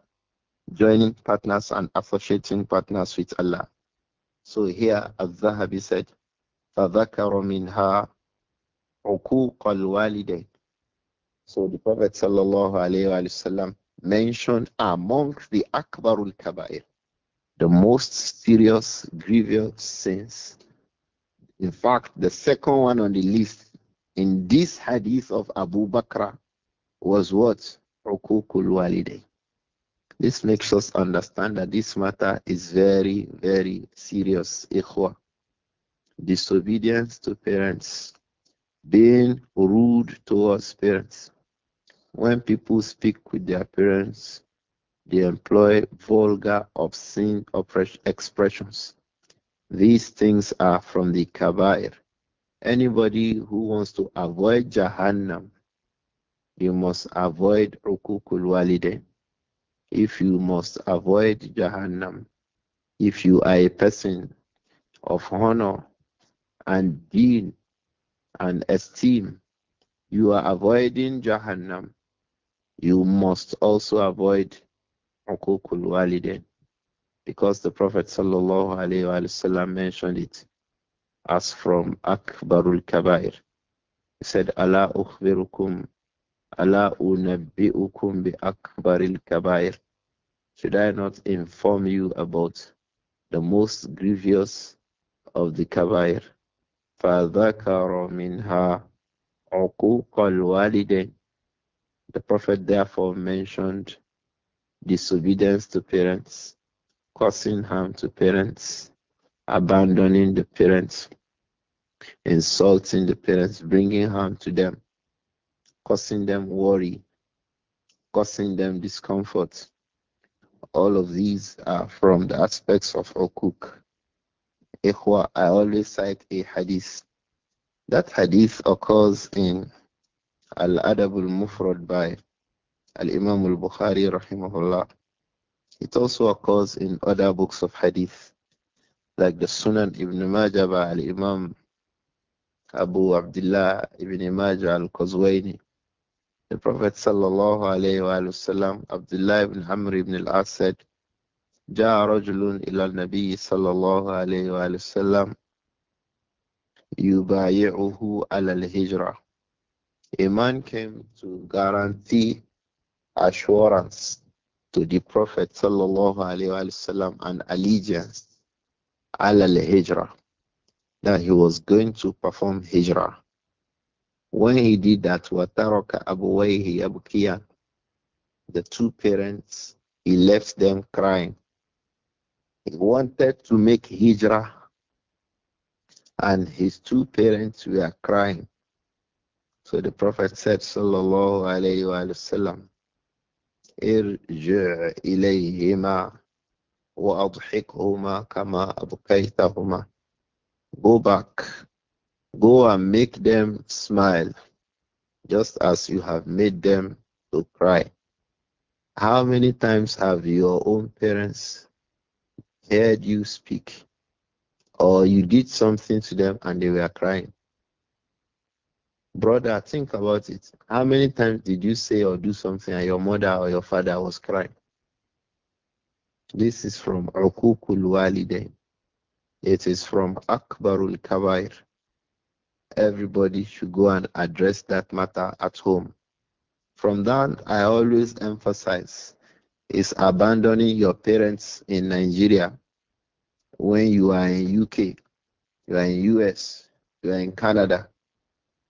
Speaker 1: joining partners and associating partners with Allah. So here Al-Zahabi said, فَذَكَرُ مِنْهَا عُقُوقَ الْوَالِدَيْنِ So the Prophet sallallahu alayhi wa sallam mentioned amongst the Akbarul Kabair, the most serious, grievous sins. In fact, the second one on the list in this hadith of Abu Bakr was what? Uqukul Waliday. This makes us understand that this matter is very, very serious. Disobedience to parents, being rude towards parents. When people speak with their parents, they employ vulgar, obscene expressions. These things are from the Kabair. Anybody who wants to avoid Jahannam, you must avoid Rukukul Walidain if you must avoid Jahannam, if you are a person of honor and deen and esteem, you are avoiding Jahannam. You must also avoid Ukukul Waliden because the Prophet wasallam mentioned it as from Akbarul Kabair. He said, Allah ukhbirukum, Allah unabbi'ukum bi Akbaril Kabair. Should I not inform you about the most grievous of the kabair? فَذَكَرَ مِنْهَا عُقُوقَ الْوَالِدَيْنِ The Prophet therefore mentioned disobedience to parents, causing harm to parents, abandoning the parents, insulting the parents, bringing harm to them, causing them worry, causing them discomfort, all of these are from the aspects of Ukuk. Ikhwa, I always cite a hadith. That hadith occurs in Al Adabul Mufrad by Al Imam al Bukhari, rahimahullah. It also occurs in other books of hadith, like the Sunan ibn Majah by Al Imam Abu Abdullah ibn Majah al Qazwaini the Prophet sallallahu alayhi wa sallam, Abdullah ibn Amr ibn al-As said, جاء رجل إلى النبي صلى الله عليه وآله وسلم يبايعه على الهجرة. A man came to guarantee assurance to the Prophet sallallahu alaihi wasallam and allegiance ala al that he was going to perform hijrah. When he did that, Wataraka Abuwayhi Abukiya, the two parents, he left them crying. He wanted to make hijrah, and his two parents were crying. So the Prophet said, Sallallahu Alaihi Wasallam, ارجع wa وأضحكهما كما أبقيتهما. Go back Go and make them smile, just as you have made them to cry. How many times have your own parents heard you speak, or you did something to them and they were crying? Brother, think about it. How many times did you say or do something and your mother or your father was crying? This is from Ukukul Walidain. It is from Akbarul Kabair everybody should go and address that matter at home. From that, I always emphasize is abandoning your parents in Nigeria when you are in UK, you are in US, you are in Canada.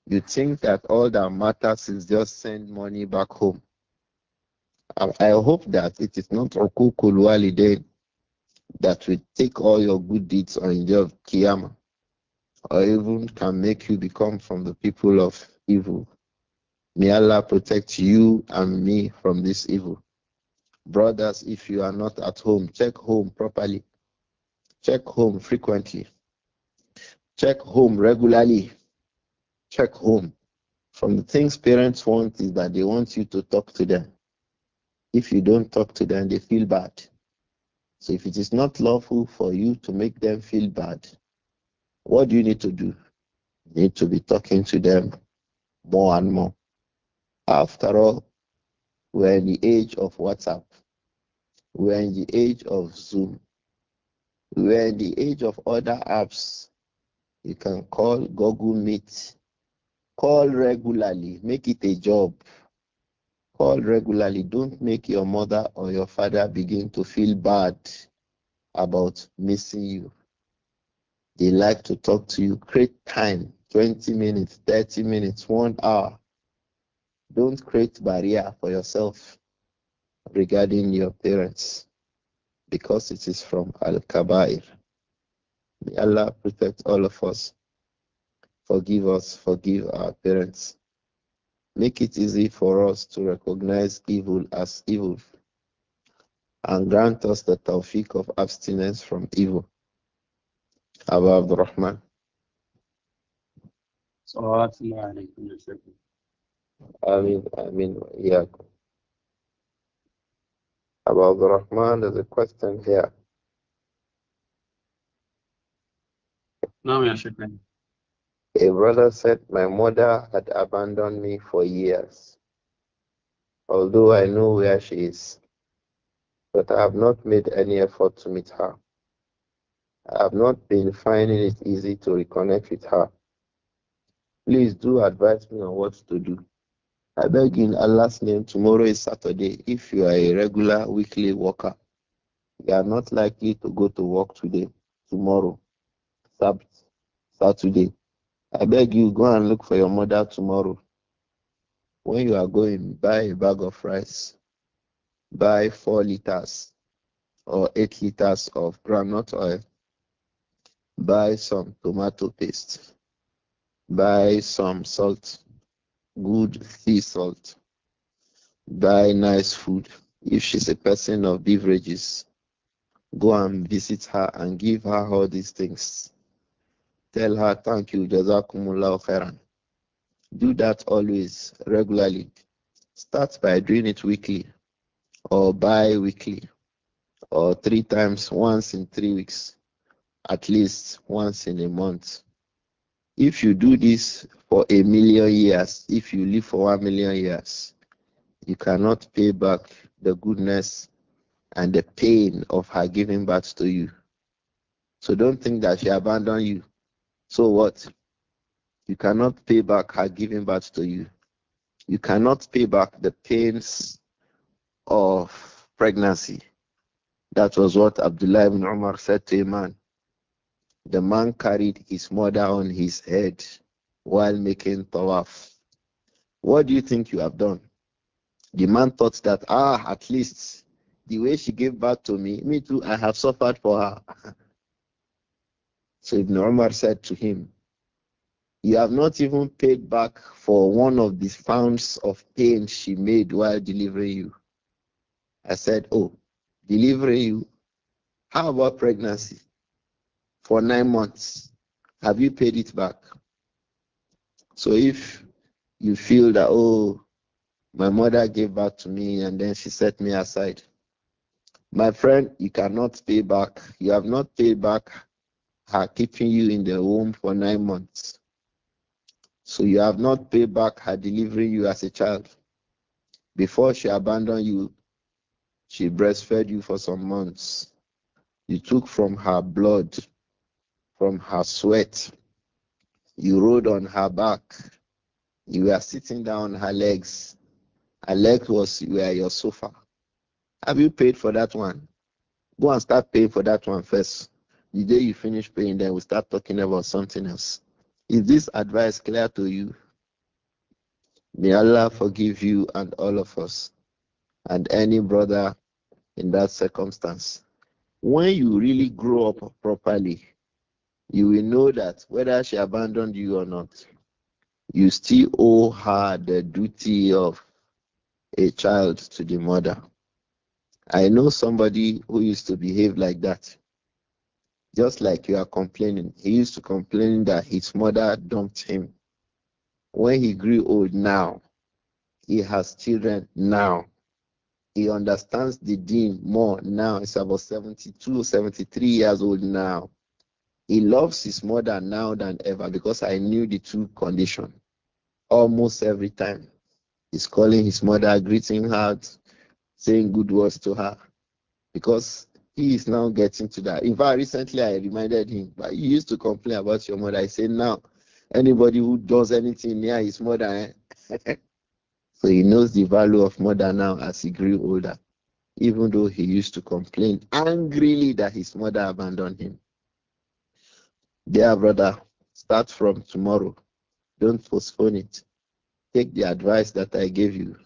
Speaker 1: You think that all that matters is just send money back home. I hope that it is not Okukul Day that will take all your good deeds on your day or even can make you become from the people of evil. May Allah protect you and me from this evil. Brothers, if you are not at home, check home properly. Check home frequently. Check home regularly. Check home. From the things parents want is that they want you to talk to them. If you don't talk to them, they feel bad. So if it is not lawful for you to make them feel bad, what do you need to do? You need to be talking to them more and more. After all, we're in the age of WhatsApp. We're in the age of Zoom. We're in the age of other apps. You can call Google Meet. Call regularly. Make it a job. Call regularly. Don't make your mother or your father begin to feel bad about missing you. They like to talk to you. Create time 20 minutes, 30 minutes, one hour. Don't create barrier for yourself regarding your parents because it is from Al Kabair. May Allah protect all of us. Forgive us, forgive our parents. Make it easy for us to recognize evil as evil and grant us the tawfiq of abstinence from evil. Abu Abdul Rahman. صلوات الله عليكم يا شيخ Abu Abdul Rahman there's a question here A brother said, My mother had abandoned me for years, although I know where she is, but I have not made any effort to meet her. I've not been finding it easy to reconnect with her. Please do advise me on what to do. I beg in Allah's name, tomorrow is Saturday. If you are a regular weekly worker, you are not likely to go to work today, tomorrow, Sabbath, Saturday. I beg you, go and look for your mother tomorrow. When you are going, buy a bag of rice, buy four liters or eight liters of groundnut oil, buy some tomato paste, buy some salt, good sea salt, buy nice food. If she's a person of beverages, go and visit her and give her all these things. Tell her thank you, Jazakumullah khairan. Do that always, regularly. Start by doing it weekly or bi weekly or three times once in three weeks at least once in a month. If you do this for a million years, if you live for one million years, you cannot pay back the goodness and the pain of her giving birth to you. So don't think that she abandoned you. So what? You cannot pay back her giving birth to you. You cannot pay back the pains of pregnancy. That was what Abdullah ibn Umar said to a man. The man carried his mother on his head while making tawaf. What do you think you have done? The man thought that, ah, at least the way she gave birth to me, me too, I have suffered for her. <laughs> so Ibn Umar said to him, You have not even paid back for one of the founts of pain she made while delivering you. I said, Oh, delivering you? How about pregnancy? for nine months. Have you paid it back? So if you feel that, oh, my mother gave back to me and then she set me aside, my friend, you cannot pay back. You have not paid back her keeping you in the womb for nine months. So you have not paid back her delivering you as a child. Before she abandoned you, she breastfed you for some months. You took from her blood from her sweat. You rode on her back. You were sitting down her legs. Her legs was were your sofa. Have you paid for that one? Go and start paying for that one first. The day you finish paying, then we start talking about something else. Is this advice clear to you? May Allah forgive you and all of us, and any brother in that circumstance. When you really grow up properly, you will know that whether she abandoned you or not, you still owe her the duty of a child to the mother. I know somebody who used to behave like that. Just like you are complaining, he used to complain that his mother dumped him. When he grew old now, he has children now. He understands the deen more now. He's about 72, 73 years old now. He loves his mother now than ever because I knew the two condition. Almost every time, he's calling his mother, greeting her, saying good words to her, because he is now getting to that. In fact, recently I reminded him, but he used to complain about your mother. I say now, anybody who does anything near his mother, eh? <laughs> so he knows the value of mother now as he grew older even though he used to complain angrily that his mother abandoned him. Dear brother, start from tomorrow. Don't postpone it. Take the advice that I gave you.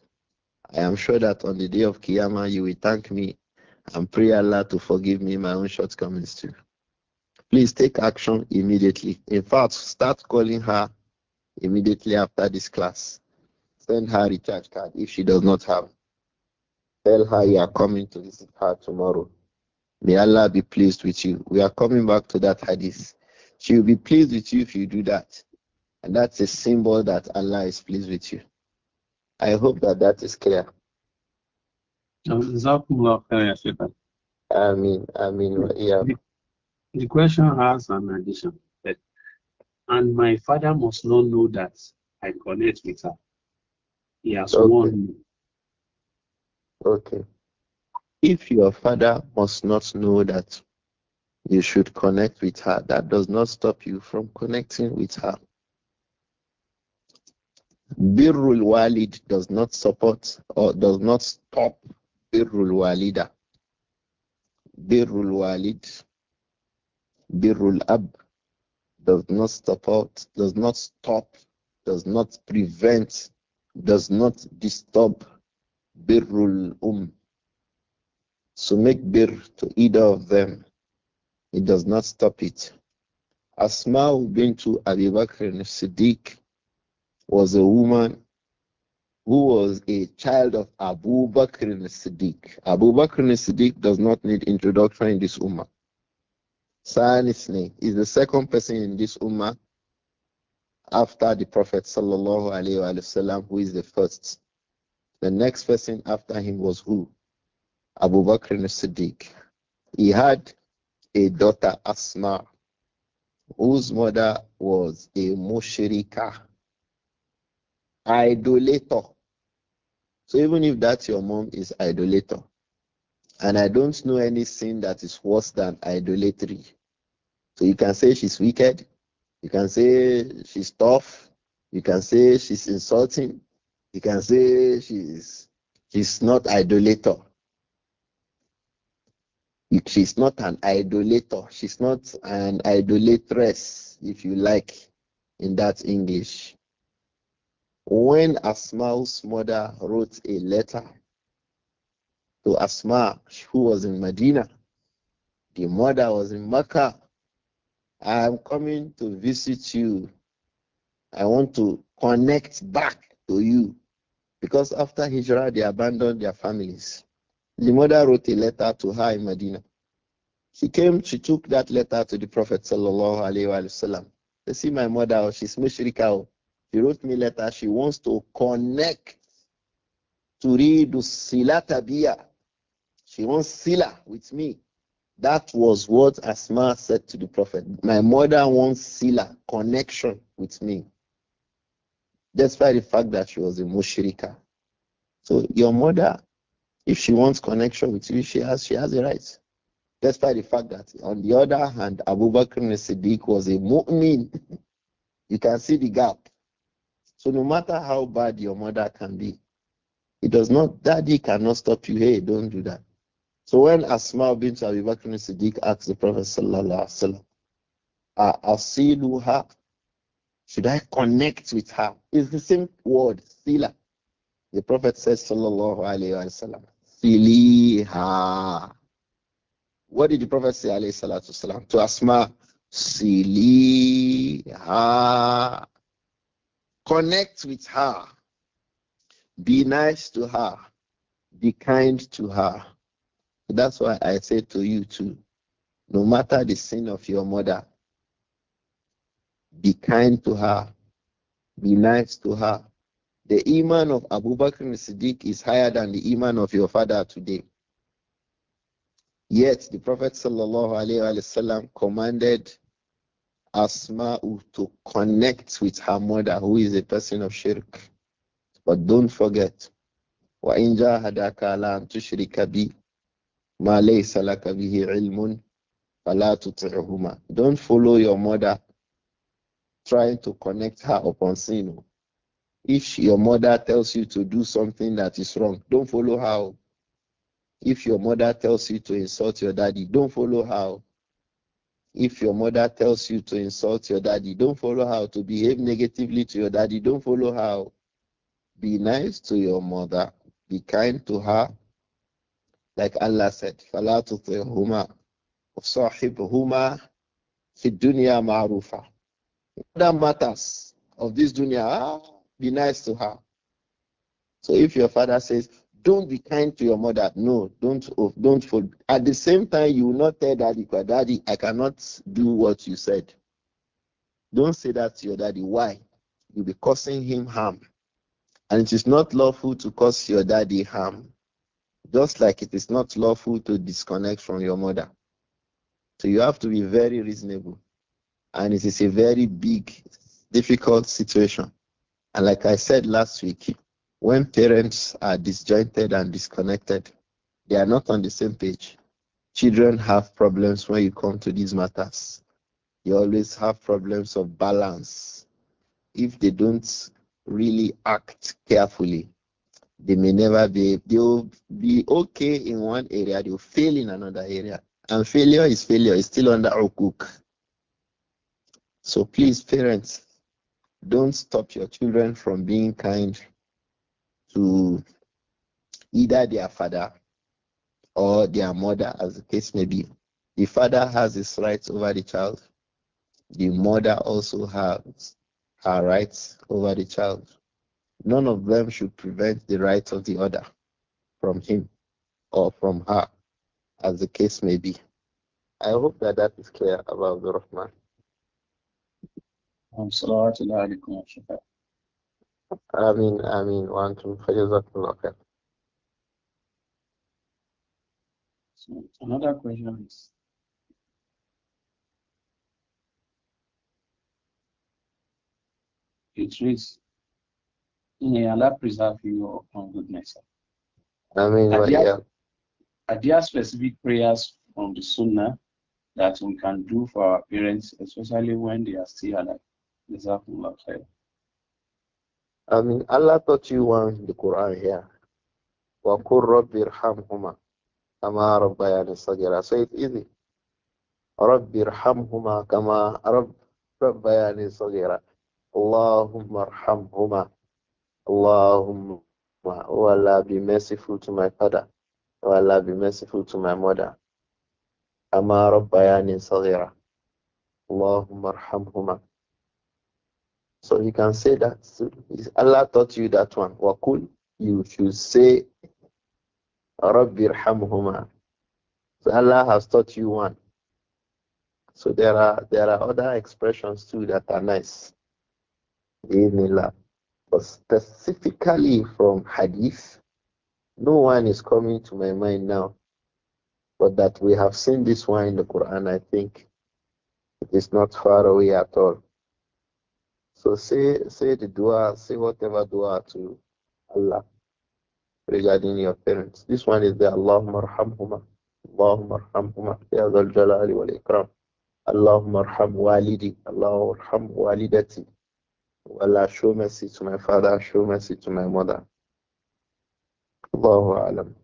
Speaker 1: I am sure that on the day of Kiyama, you will thank me and pray Allah to forgive me my own shortcomings too. Please take action immediately. In fact, start calling her immediately after this class. Send her recharge card if she does not have. Tell her you are coming to visit her tomorrow. May Allah be pleased with you. We are coming back to that hadith. She will be pleased with you if you do that. And that's a symbol that Allah is pleased with you. I hope that that is clear. I mean, I mean, yeah. The, question has an addition. That, and my father must not know that I connect with her. He has okay. warned me. Okay. If your father must not know that you should connect with her. That does not stop you from connecting with her. Birrul Walid does not support or does not stop Birrul Walida. Birrul Walid, Birrul Ab does not support, does not stop, does not prevent, does not disturb Birrul Um. So make bir to either of them. It does not stop it. Asma to Abi Bakr Siddiq was a woman who was a child of Abu Bakr Siddiq. Abu Bakr Siddiq does not need introduction in this ummah. Sa'anisni is the second person in this ummah after the Prophet sallallahu alaihi wasallam, who is the first. The next person after him was who? Abu Bakr as-Siddiq. He had a daughter, Asma, whose mother was a mushrika, idolator. So even if that your mom is idolator, and I don't know any sin that is worse than idolatry. So you can say she's wicked, you can say she's tough, you can say she's insulting, you can say she's she's not idolator. She's not an idolater. She's not an idolatress, if you like, in that English. When Asma's mother wrote a letter to Asma, who was in Medina, the mother was in Mecca. I am coming to visit you. I want to connect back to you. Because after Hijrah, they abandoned their families. The mother wrote a letter to her in Medina. She came, she took that letter to the Prophet sallallahu alaihi wasallam. They see my mother, oh, she's mushrika. Oh. She wrote me a letter. She wants to connect to read silatabiya. She wants sila with me. That was what Asma said to the Prophet. My mother wants sila connection with me, despite the fact that she was a mushrika. So your mother if she wants connection with you, she has she has the right. Despite the fact that on the other hand, Abu Bakr Siddiq was a mu'min. you can see the gap. So no matter how bad your mother can be, it does not daddy cannot stop you. Hey, don't do that. So when Asma bin Abu Bakr Siddiq asked the Prophet Sallallahu Alaihi Wasallam, Asiluha, should I connect with her? It's the same word, Sila. The Prophet says, Sallallahu Alaihi Wasallam, Siliha. What did the Prophet say, alayhi salatu to Asma? Siliha. Connect with her. Be nice to her. Be kind to her. That's why I say to you too, no matter the sin of your mother, be kind to her. Be nice to her the Iman of Abu Bakr Siddiq is higher than the Iman of your father today. Yet the Prophet وسلم, commanded Asma to connect with her mother, who is a person of shirk. But don't forget, وَإِنْ جَاهَدَكَ عَلَىٰ أَنْ تُشْرِكَ بِي مَا لَيْسَ لَكَ بِهِ عِلْمٌ فَلَا تُطِعْهُمَا Don't follow your mother trying to connect her upon sin. If your mother tells you to do something that is wrong, don't follow how. If your mother tells you to insult your daddy, don't follow how. If your mother tells you to insult your daddy, don't follow how. To behave negatively to your daddy, don't follow how. Be nice to your mother. Be kind to her. Like Allah said, فَلَا تُطِعْهُمَا وَصَاحِبْهُمَا فِي الدُّنْيَا مَعْرُوفًا. Other matters of this dunya, ah, be nice to her. So if your father says, don't be kind to your mother, no, don't oh, don't fold. At the same time, you will not tell daddy, daddy, I cannot do what you said. Don't say that to your daddy. Why? You'll be causing him harm. And it is not lawful to cause your daddy harm, just like it is not lawful to disconnect from your mother. So you have to be very reasonable. And it is a very big, difficult situation. And like I said last week, when parents are disjointed and disconnected, they are not on the same page. Children have problems when you come to these matters. You always have problems of balance. If they don't really act carefully, they may never be, they'll be okay in one area, they'll fail in another area. And failure is failure, it's still under our cook. So please, parents, don't stop your children from being kind to either their father or their mother, as the case may be. The father has his rights over the child. The mother also has her rights over the child. None of them should prevent the rights of the other from him or from her, as the case may be. I hope that that is clear about the Rahman. صلوات الله عليكم وشفاء آمين آمين وأنتم فجزاكم الله خير So another question is it reads May Allah preserve you from goodness. I mean, are, there, yeah. are there specific prayers from the Sunnah that we can do for our parents, especially when they are still alive? Jazakumullah khair. I mean, Allah taught you one in the Quran here. وَقُلْ رَبِّ ارْحَمْهُمَا كَمَا رَبَّيَانِ صَغِيرًا Say it easy. رَبِّ ارْحَمْهُمَا كَمَا رَبْ رَبَّيَانِ صَغِيرًا اللهم ارحمهما اللهم Oh Allah, be merciful to my father. Oh Allah, be merciful to my mother. Ama Rabbayani Sagira. Allahumma arhamhuma. So you can say that Allah taught you that one. Wakul, you should say Rabbi So Allah has taught you one. So there are there are other expressions too that are nice. But specifically from Hadith, no one is coming to my mind now. But that we have seen this one in the Quran, I think it is not far away at all. So say say the dua, say whatever dua to Allah regarding your parents. This one is the Allahumma arhamhuma, Allahumma arhamhuma, ya zal jalali wal ikram. Allahumma arham walidi, Allahumma arham walidati. Allah show mercy to my father, show mercy to my mother. Allahu alam.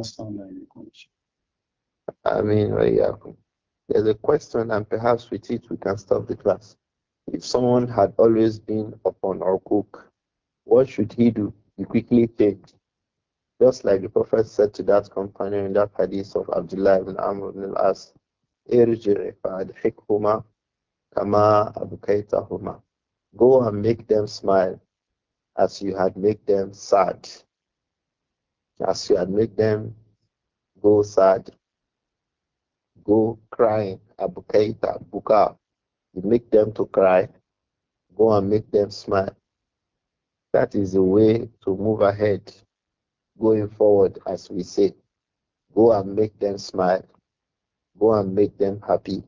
Speaker 1: Assalamu alaikum. Ameen wa there's a question, and perhaps with it we can stop the class. If someone had always been upon our cook, what should he do? He quickly said, Just like the Prophet said to that companion in that hadith of Abdullah ibn Amr ibn al-As, kama abukaitahuma. Go and make them smile as you had made them sad. As you had made them go sad Go crying. Abukaita, buka. You make them to cry. Go and make them smile. That is the way to move ahead, going forward, as we say. Go and make them smile. Go and make them happy,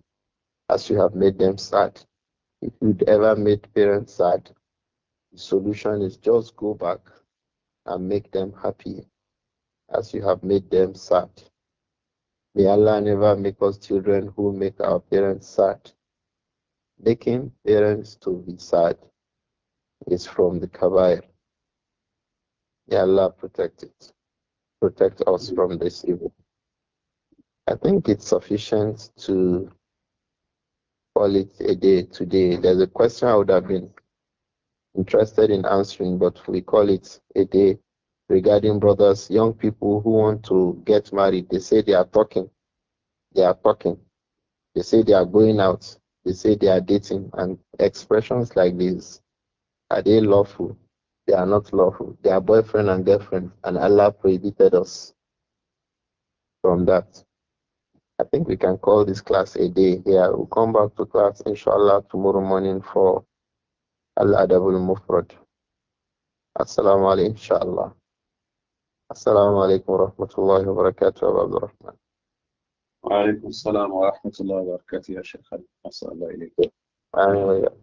Speaker 1: as you have made them sad. If you'd ever made parents sad, the solution is just go back and make them happy, as you have made them sad. May Allah never make us children who make our parents sad. Making parents to be sad is from the Kabair. May Allah protect it. Protect us from this evil. I think it's sufficient to call it a day today. There's a question I would have been interested in answering, but we call it a day regarding brothers, young people who want to get married. They say they are talking. They are talking. They say they are going out. They say they are dating. And expressions like this are they lawful? They are not lawful. They are boyfriend and girlfriend. And Allah prohibited us from that. I think we can call this class a day here. We'll come back to class, inshallah, tomorrow morning for Al Adabul Mufrad. Assalamu alaikum, inshallah. السلام عليكم ورحمة الله وبركاته أبو عبد الرحمن وعليكم السلام ورحمة الله وبركاته يا شيخ خالد أسأل الله إليك آمين